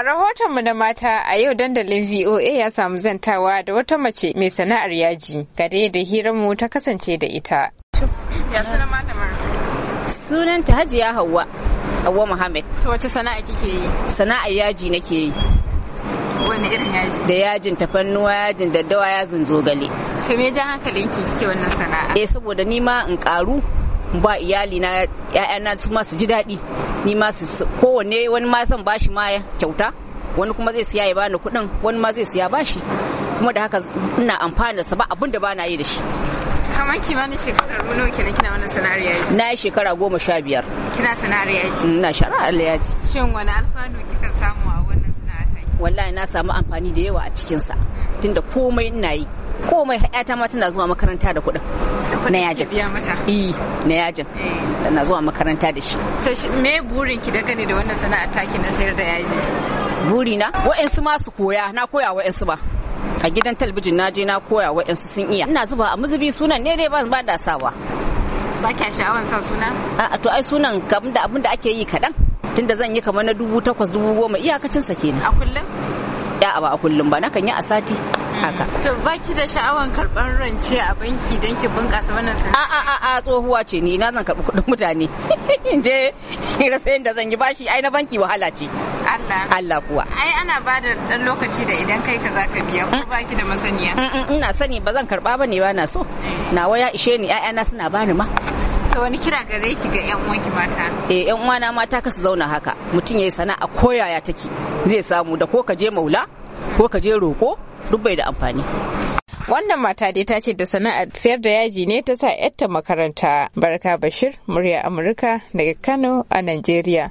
A rahotonmu na mata a yau dandalin VOA ya samu zantawa da wata mace mai sana'ar yaji ga da hiranmu ta kasance da ita. Sunan ta Sunanta Hajiya Hauwa, Hauwa Muhammad. Ta wace sana'a kike yi? Sana'ar yaji nake yi. Wani irin yaji? Da yajin tafannuwa, yajin daddawa, yajin zogale. To me jan hankalinki kike wannan sana'a? Eh saboda ni ma in karu ba iyali na ƴaƴana su ma su ji daɗi. ni ma su kowane wani ma zan bashi ma kyauta wani kuma zai siya ya bani kuɗin wani ma zai siya bashi kuma da haka ina amfani da sa ba abin da ba na yi da shi kamar kimanin shekaru nawa kenan kina wannan sana'ar yaji na yi shekara goma sha biyar kina sana'ar yaji ina sana'ar yaji shin wani alfanu kika samu a wannan sana'ar wallahi na samu amfani da yawa a cikinsa tunda komai ina yi komai yata ma tana zuwa makaranta da kuɗin eh, na yajin eh na yajin tana zuwa makaranta da shi to me burin ki dangane da wannan sana'ar taki na sayar da yaji buri na wa'ansu ma su koya na koya wa'ansu ba a gidan talbijin na je na koya wa'ansu sun iya ina zuba a muzubi sunan ne ne ba da sawa ba kya sha'awar sa suna a to ai sunan kamar da abin da ake yi kaɗan tunda zan yi kamar na dubu takwas dubu goma iyakacin sa kenan a kullum ya ba a kullum ba na kan yi a sati haka to ba ki da sha'awan karɓar rance a banki don ki bunƙasa wannan sana'a a a a tsohuwa ce ni na zan karɓi kuɗin mutane in je rasa yadda zan yi bashi ai na banki wahala ce Allah Allah kuwa ai ana ba da ɗan lokaci da idan kai ka za ka biya ko mm. ba ki da masaniya mm, mm, ina sani ba zan karɓa ba ne ba na so Na waya ishe ni ƴaƴana suna bani ma ta wani kira gare ki ga yan uwanki mata eh yan uwana mata ka su zauna haka mutum yayi sana'a koyaya take zai samu da ko ka je maula ko ka je roƙo duk bai da amfani wannan mata dai ta ce da sana'ar sayar da yaji ne ta sa 'yarta makaranta barka bashir murya amurka daga kano a najeriya